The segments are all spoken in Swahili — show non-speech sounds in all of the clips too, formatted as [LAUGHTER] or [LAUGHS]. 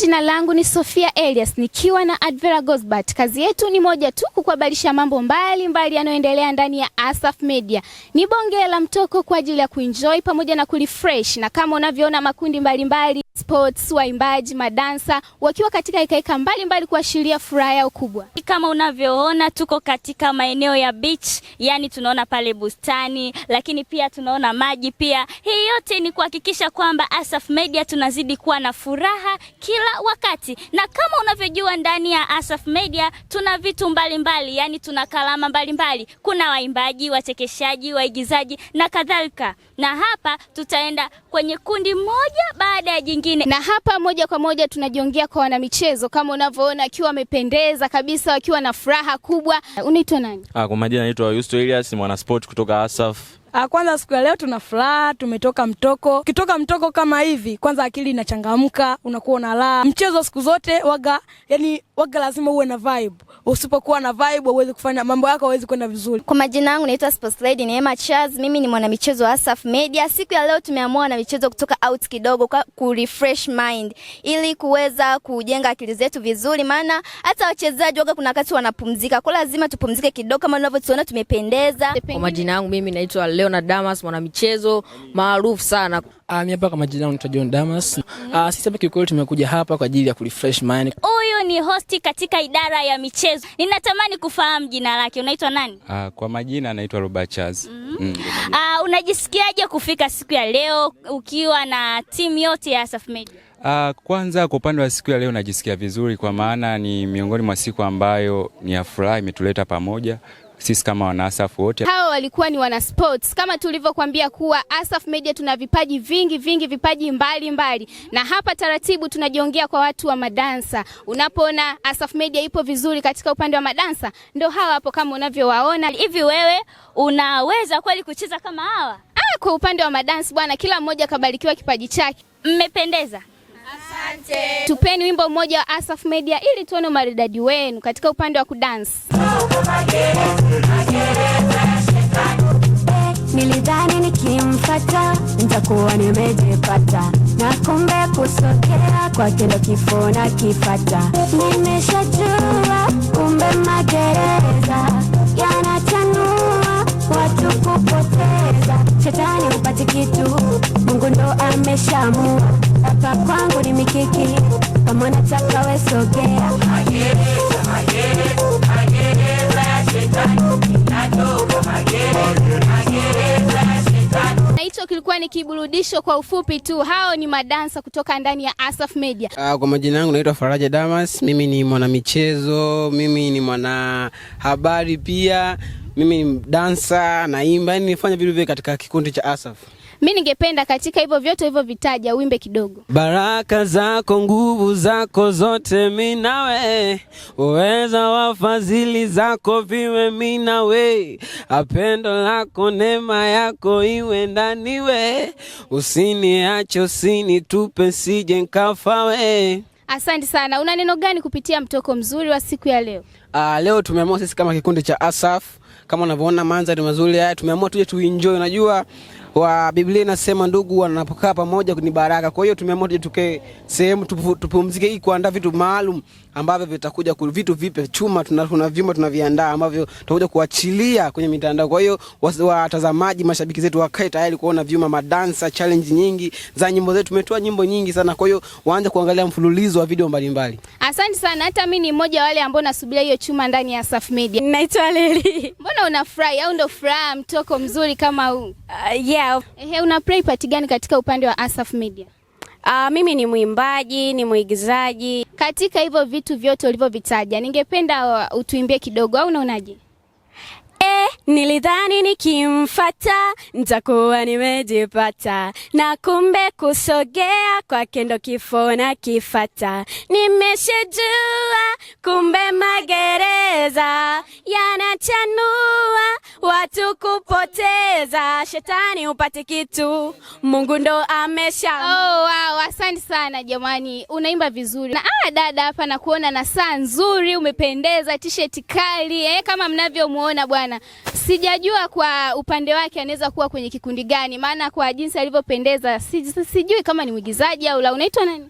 jina langu ni Sofia Elias nikiwa na Advera Gosbat. Kazi yetu ni moja tu, kukuhabarisha mambo mbalimbali yanayoendelea ndani ya Asaf Media. Ni bonge la mtoko kwa ajili ya kuenjoy pamoja na kurefresh, na kama unavyoona makundi mbalimbali mbali sports, waimbaji, madansa wakiwa katika hekaheka mbalimbali kuashiria furaha yao kubwa. Kama unavyoona tuko katika maeneo ya beach, yani tunaona pale bustani, lakini pia tunaona maji pia. Hii yote ni kuhakikisha kwamba Asaf Media tunazidi kuwa na furaha kila wakati, na kama unavyojua ndani ya Asaf Media tuna vitu mbalimbali mbali, yani tuna kalama mbalimbali mbali. Kuna waimbaji, wachekeshaji, waigizaji na kadhalika, na hapa tutaenda kwenye kundi moja baada ya jingine mwingine. Na hapa moja kwa moja tunajiongea kwa wanamichezo, kama unavyoona akiwa amependeza kabisa, wakiwa na furaha kubwa. Unaitwa nani? Ah, kwa majina naitwa Yusto Elias, mwanasport kutoka Asaf Ah, kwanza siku ya leo tuna furaha, tumetoka mtoko. Ukitoka mtoko kama hivi, kwanza akili inachangamka, unakuwa na raha. Mchezo siku zote waga, yani waga lazima uwe na vibe. Usipokuwa na vibe huwezi kufanya mambo yako, huwezi kwenda vizuri. Kwa majina yangu naitwa Sports Lady Neema Charles, mimi ni mwanamichezo wa Asaf Media. Siku ya leo tumeamua na michezo kutoka out kidogo kwa ku refresh mind ili kuweza kujenga akili zetu vizuri, maana hata wachezaji waga kuna wakati wanapumzika, kwa lazima tupumzike kidogo, kama unavyotuona tumependeza. Kwa majina yangu mimi naitwa Leonard Damas, mwanamichezo maarufu sana. Ah, mimi hapa kama jina langu John Damas. Ah, sisi hapa kiukweli tumekuja hapa kwa ajili ya kurefresh mind. Huyu ni host katika idara ya michezo. Ninatamani kufahamu jina lake. Unaitwa nani? Ah, kwa majina anaitwa Robert Chaz. Mm-hmm. Mm -hmm. Mm -hmm. Ah, unajisikiaje kufika siku ya leo ukiwa na timu yote ya Asaf Media? Uh, kwanza kwa upande wa siku ya leo najisikia vizuri kwa maana ni miongoni mwa siku ambayo ni ya furaha imetuleta pamoja sisi kama wanaasaf wote hao walikuwa ni wana sports. Kama tulivyokuambia kuwa Asaf Media tuna vipaji vingi vingi, vipaji mbalimbali mbali. Na hapa taratibu tunajiongea kwa watu wa madansa. Unapoona Asaf Media ipo vizuri katika upande wa madansa, ndio hawa hapo kama unavyowaona hivi. Wewe unaweza kweli kucheza kama hawa? Ah, kwa upande wa madansi bwana, kila mmoja kabarikiwa kipaji chake. Mmependeza. Asante. Tupeni wimbo mmoja wa Asaf Media ili tuone maridadi wenu katika upande wa kudansi. Nilidhani nikimfata nitakuwa nimejipata, na kumbe kusokea kwake ndo kifo na kifata. Nimeshajua kumbe magereza yanachanua watu kupoteza. Shetani upate kitu, Mungu ndo ameshamua hapa kwangu ni mikiki, kama nataka wewe sogea hicho kilikuwa ni kiburudisho kwa ufupi tu. Hao ni madansa kutoka ndani ya Asaf Media. Uh, kwa majina yangu naitwa Faraja Damas, mimi ni mwanamichezo, mimi ni mwana habari pia, mimi ni dansa, naimba, yani nifanya vitu vile katika kikundi cha Asaf. Mi ningependa katika hivyo vyote hivyo vitaja uimbe kidogo. Baraka zako, nguvu zako zote minawe, uweza wa fadhili zako viwe minawe, apendo lako neema yako iwe ndaniwe, usiniache usinitupe, sije nkafawe. Asante sana. Una neno gani kupitia mtoko mzuri wa siku ya leo? Aa, ah, leo tumeamua sisi kama kikundi cha Asaf kama unavyoona mandhari mazuri haya, tumeamua tuje tuenjoy. Unajua wa Biblia inasema ndugu wanapokaa pamoja ni baraka. Kwa hiyo tumeamua tuje tukae sehemu tupumzike, hii kuandaa vitu maalum ambavyo vitakuja vitu vipe chuma, tuna kuna vyuma tunaviandaa ambavyo tutakuja kuachilia kwenye mitandao. Kwa hiyo watazamaji, mashabiki zetu wakae tayari kuona vyuma, madansa, challenge nyingi za nyimbo zetu. Tumetoa nyimbo nyingi sana, kwa hiyo waanze kuangalia mfululizo wa video mbalimbali. Asante sana, hata mimi ni mmoja wale ambao nasubiria hiyo chuma ndani ya Saf Media. Naitwa Leli. Mbona Mbona unafurahi au ndo furaha mtoko mzuri kama huu? Uh, yeah. Ehe, una play part gani katika upande wa Asaf Media? Uh, mimi ni mwimbaji, ni mwigizaji. Katika hivyo vitu vyote ulivyovitaja, ningependa uh, utuimbie kidogo au unaonaje? Nilidhani nikimfata nitakuwa nimejipata, na kumbe kusogea kwake ndo kifo na kifata. Nimeshajua kumbe magereza yanachanua watu kupoteza, shetani upate kitu, Mungu ndo amesha. Oh, wow, asante sana jamani, unaimba vizuri na ah, dada hapa nakuona na saa nzuri, umependeza, tisheti kali eh, kama mnavyomwona bwana Sijajua kwa upande wake anaweza kuwa kwenye kikundi gani, maana kwa jinsi alivyopendeza sijui, kama ni mwigizaji au la. Unaitwa nani?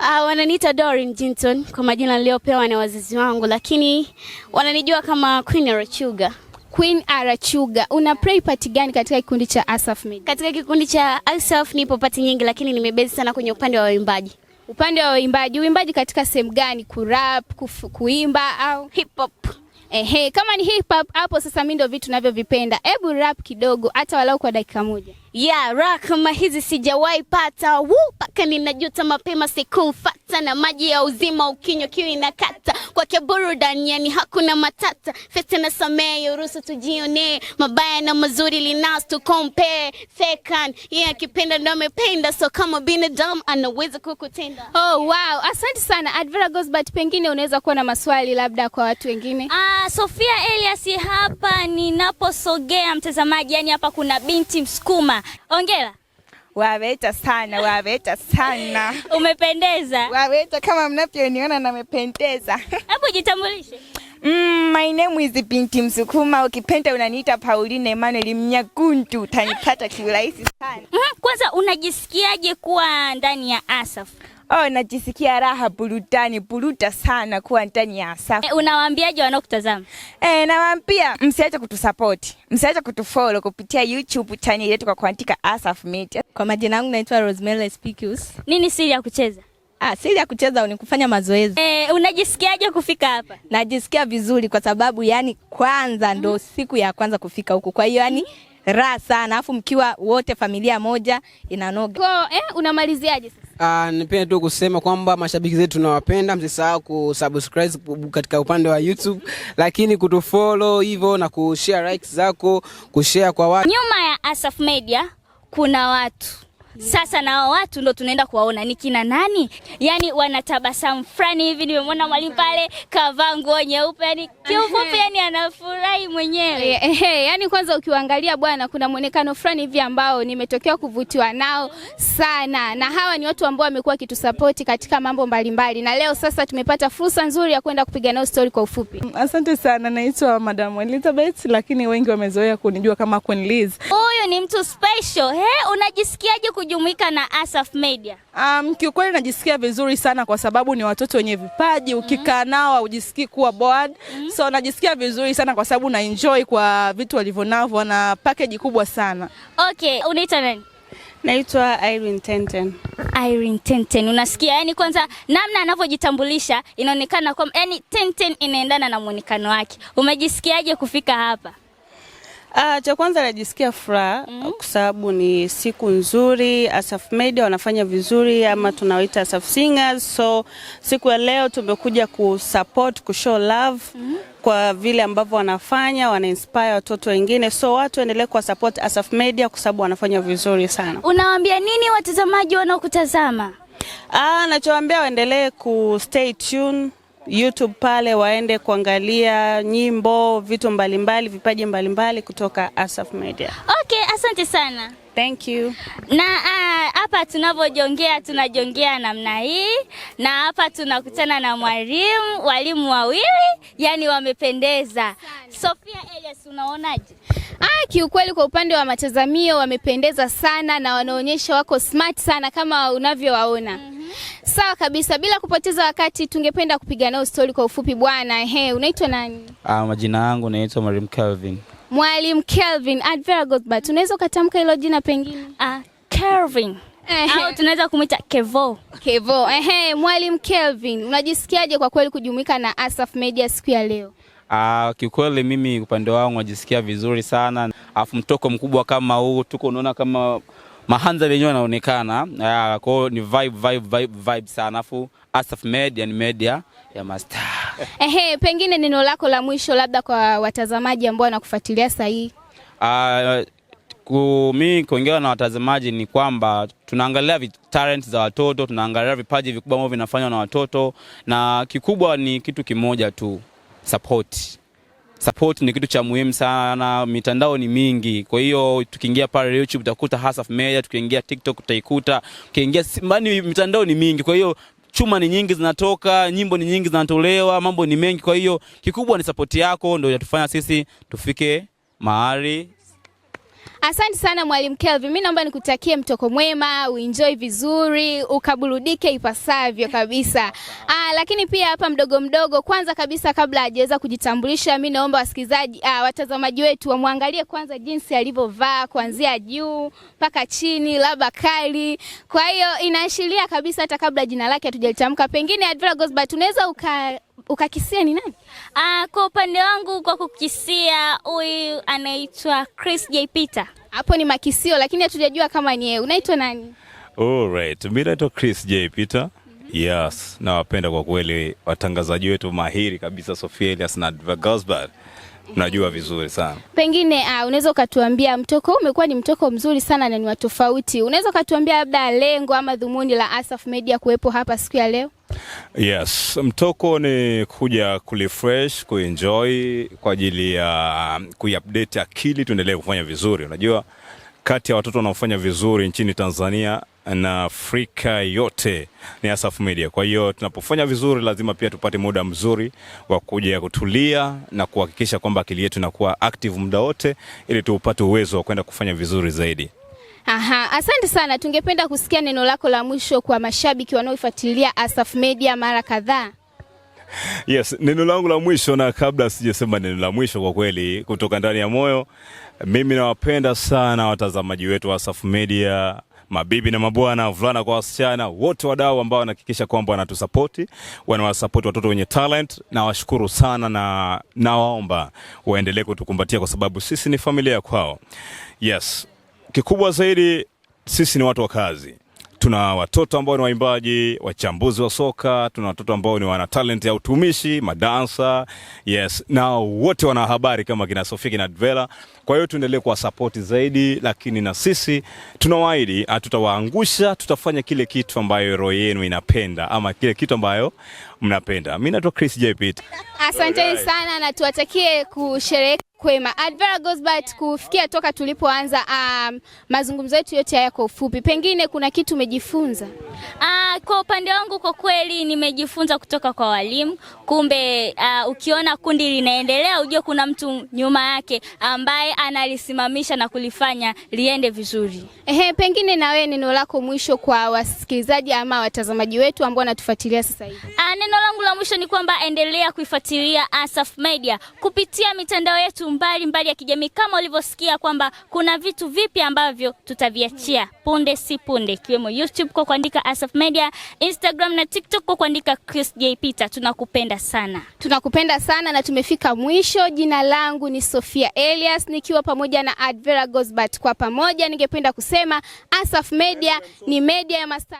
Uh, wananiita Dorin Jinton kwa majina niliyopewa na wazazi wangu, lakini wananijua kama Queen Arachuga. Queen Arachuga, una play part gani katika kikundi cha Asaf Media? Katika kikundi cha Asaf nipo part nyingi, lakini nimebezi sana kwenye upande wa waimbaji. Upande wa waimbaji, uimbaji katika sehemu gani? Kurap, kuimba au hip hop? Ehe, kama ni hip hop hapo sasa, mimi ndio vitu ninavyovipenda. Hebu rap kidogo, hata walau kwa dakika moja. Yeah, rahma hizi sijawahi pata wu paka ninajuta mapema sikumfata na maji ya uzima ukinywa kiu inakata kwake burudani yani hakuna matata fete na samee uruhusu tujionee mabaya na mazuri linas tu compare fekan yeye yeah, akipenda ndo amependa so kama binadamu anaweza kukutenda. Oh wow, asante sana Advera Gosbert, pengine unaweza kuwa na maswali labda kwa watu wengine. Ah, Sofia Elias hapa ninaposogea mtazamaji, yani hapa kuna binti msukuma Ongera. Waweta sana, waweta sana. [LAUGHS] Umependeza. Waweta kama mnavyoniona na mependeza. [LAUGHS] Hebu jitambulishe. Mm, my name is Binti Msukuma. Ukipenda unaniita Pauline Emmanuel Mnyakundu, utanipata kiurahisi sana. Mm-hmm. kwanza unajisikiaje kuwa ndani ya Asafu? Oh, najisikia raha, burudani, buruda sana kuwa ndani ya Asafu. E, eh, unawaambiaje wanaokutazama? E, nawaambia msiache kutusapoti, msiache kutufollow kupitia YouTube channel yetu kwa kuandika Asafu Media. Kwa majina yangu naitwa Rosemary Spikius. Nini siri ya kucheza? Ah, siri ya kucheza ni kufanya mazoezi. Eh, unajisikiaje kufika hapa? Najisikia vizuri kwa sababu yani kwanza ndo mm, siku ya kwanza kufika huku, kwa hiyo yani mm raha sana, alafu mkiwa wote familia moja inanoga. Kwa, eh, unamaliziaje sasa? Uh, nipende tu kusema kwamba mashabiki zetu tunawapenda, msisahau kusubscribe katika upande wa YouTube, lakini kutufollow hivyo na kushare likes zako, kushare kwa watu. Nyuma ya Asaf Media kuna watu sasa na watu ndo tunaenda kuwaona ni kina nani, yani wanatabasamu fulani hivi. Nimemwona mwalimu pale kavaa nguo nyeupe, yani kiufupi, yani anafurahi mwenyewe hey, hey, yani kwanza ukiwaangalia bwana, kuna mwonekano fulani hivi ambao nimetokea kuvutiwa nao sana, na hawa ni watu ambao wamekuwa wakitusapoti katika mambo mbalimbali, na leo sasa tumepata fursa nzuri ya kwenda kupiga nao stori kwa ufupi. Asante sana, naitwa Madam Elizabeth, lakini wengi wamezoea kunijua kama Queen Liz. Oh, ni mtu special. He, unajisikiaje kujumuika na Asaf Media? Um, kiukweli najisikia vizuri sana kwa sababu ni watoto wenye vipaji, ukikaa mm-hmm. nao hujisikii kuwa bored. Mm -hmm. So najisikia vizuri sana kwa sababu na enjoy kwa vitu walivyonavyo na package kubwa sana. Okay, unaitwa nani? Naitwa Irene Tenten. Irene Tenten. Unasikia yani, kwanza namna anavyojitambulisha inaonekana kwa yani Tenten inaendana na muonekano wake. Umejisikiaje kufika hapa? Uh, cha kwanza najisikia furaha mm -hmm. kwa sababu ni siku nzuri, Asaf Media wanafanya vizuri ama tunawaita Asaf Singers. So siku ya leo tumekuja kusupport, kushow love mm -hmm. kwa vile ambavyo wanafanya, wanainspire watoto wengine, so watu endelee kwa support Asaf Media kwa sababu wanafanya vizuri sana. Unawaambia nini watazamaji wanaokutazama? Ah, nachowaambia waendelee ku stay tuned YouTube pale waende kuangalia nyimbo, vitu mbalimbali, vipaji mbalimbali kutoka Asaf Media. Okay, asante sana. Thank you. Na ah, hapa uh, tunavyojongea tunajongea namna hii, na hapa tunakutana na mwalimu, walimu wawili yani wamependeza. Sophia Elias, unaonaje? Ah, kiukweli kwa upande wa matazamio wamependeza sana na wanaonyesha wako smart sana kama unavyowaona. mm -hmm. Sawa kabisa, bila kupoteza wakati, tungependa kupiga nao stori kwa ufupi bwana. He, unaitwa nani? Ah, majina yangu naitwa Mwalimu Kelvin. Mwalimu Kelvin Advergotbat, unaweza ukatamka hilo jina pengine? Ah, Kelvin au tunaweza kumwita Kevo. Kevo. Ehe, Mwalimu Kelvin, unajisikiaje kwa kweli kujumuika na Asaf Media siku ya leo? Ah, kiukweli mimi upande wangu najisikia vizuri sana, alafu mtoko mkubwa kama huu tuko unaona kama Mahanza yenyewe wanaonekana ah, kwao ni vibe, vibe, vibe, vibe sana, afu Asaf Media ni media ya master. [LAUGHS] Ehe, pengine neno lako la mwisho labda kwa watazamaji ambao wanakufuatilia sasa hivi. Ah, uh, mimi kuongea na watazamaji ni kwamba tunaangalia talent za watoto, tunaangalia vipaji vikubwa ambavyo vinafanywa na watoto, na kikubwa ni kitu kimoja tu, support. Support ni kitu cha muhimu sana, mitandao ni mingi. Kwa hiyo tukiingia pale YouTube utakuta Hasaf Media, tukiingia TikTok utaikuta, ukiingia mbani, mitandao ni mingi, kwa hiyo chuma ni nyingi zinatoka, nyimbo ni nyingi zinatolewa, mambo ni mengi. Kwa hiyo kikubwa ni sapoti yako, ndio inatufanya sisi tufike mahali Asante sana Mwalimu Kelvin. Mimi naomba nikutakie mtoko mwema, uenjoy vizuri, ukaburudike ipasavyo kabisa. Ah, lakini pia hapa mdogo mdogo, kwanza kabisa kabla hajaweza kujitambulisha, mimi naomba wasikizaji, ah, watazamaji wetu wamwangalie kwanza jinsi alivyovaa kuanzia juu mpaka chini, laba kali. Kwa hiyo inaashiria kabisa hata kabla jina lake hatujalitamka, pengine Advera Gosbert, unaweza uka Ukakisia ni nani? Ah, kwa upande wangu kwa kukisia huyu anaitwa Chris J Peter. Hapo ni makisio lakini hatujajua kama ni yeye. Unaitwa nani? All right. Mimi naitwa Chris J Peter. Mhm. Yes, nawapenda kwa kweli watangazaji wetu mahiri kabisa Sofia Elias na Gosbert najua vizuri sana. Pengine uh, unaweza ukatuambia mtoko huu umekuwa ni mtoko mzuri sana na ni wa tofauti. Unaweza ukatuambia labda lengo ama dhumuni la Asaf Media kuwepo hapa siku ya leo? Yes, mtoko ni kuja kurefresh, kuenjoy kwa ajili ya kuiupdate akili tuendelee kufanya vizuri. Unajua kati ya watoto wanaofanya vizuri nchini Tanzania na Afrika yote ni Asaf Media. Kwa hiyo tunapofanya vizuri, lazima pia tupate muda mzuri wa kuja kutulia na kuhakikisha kwamba akili yetu inakuwa active muda wote, ili tuupate uwezo wa kwenda kufanya vizuri zaidi. Aha, asante sana. Tungependa kusikia neno lako la mwisho kwa mashabiki wanaoifuatilia Asaf Media mara kadhaa. Yes, neno langu la mwisho, na kabla sijasema neno la mwisho, kwa kweli kutoka ndani ya moyo, mimi nawapenda sana watazamaji wetu wa Asafu Media mabibi na mabwana, vulana kwa wasichana, wote wadau ambao wanahakikisha kwamba wanatusapoti, wanawasapoti watoto wenye talent. Nawashukuru sana na nawaomba waendelee kutukumbatia kwa sababu sisi ni familia ya kwao. Yes, kikubwa zaidi sisi ni watu wa kazi tuna watoto ambao ni waimbaji, wachambuzi wa soka, tuna watoto ambao ni wana talent ya utumishi, madansa, yes, na wote wana habari kama kina Sofia, kina Dvela. Kwa hiyo tuendelee kwa sapoti zaidi, lakini na sisi tunawaahidi hatutawaangusha, ah, tutafanya kile kitu ambayo roho yenu inapenda ama kile kitu ambayo mnapenda. Mimi naitwa Chris J Asanteni sana na tuwatakie kusherehekea kwema Advera Gosbat. Kufikia toka tulipoanza um, mazungumzo yetu yote haya kwa ufupi, pengine kuna kitu umejifunza? Uh, kwa upande wangu kwa kweli nimejifunza kutoka kwa walimu. Kumbe uh, ukiona kundi linaendelea ujue kuna mtu nyuma yake ambaye analisimamisha na kulifanya liende vizuri. Ehe, pengine na wewe neno lako mwisho kwa wasikilizaji ama watazamaji wetu ambao wanatufuatilia sasa hivi. Ah, neno langu la mwisho ni kwamba endelea kuifuatilia Asaf Media kupitia mitandao yetu mbalimbali mbali ya kijamii, kama ulivyosikia kwamba kuna vitu vipya ambavyo tutaviachia punde si punde, ikiwemo YouTube kwa kuandika Asaf Media, Instagram na TikTok kwa kuandika Chris J Peter. Tunakupenda sana, tunakupenda sana na tumefika mwisho. Jina langu ni Sofia Elias ni akiwa pamoja na Advera Gosbert. Kwa pamoja, ningependa kusema Asaf Media ni media ya masta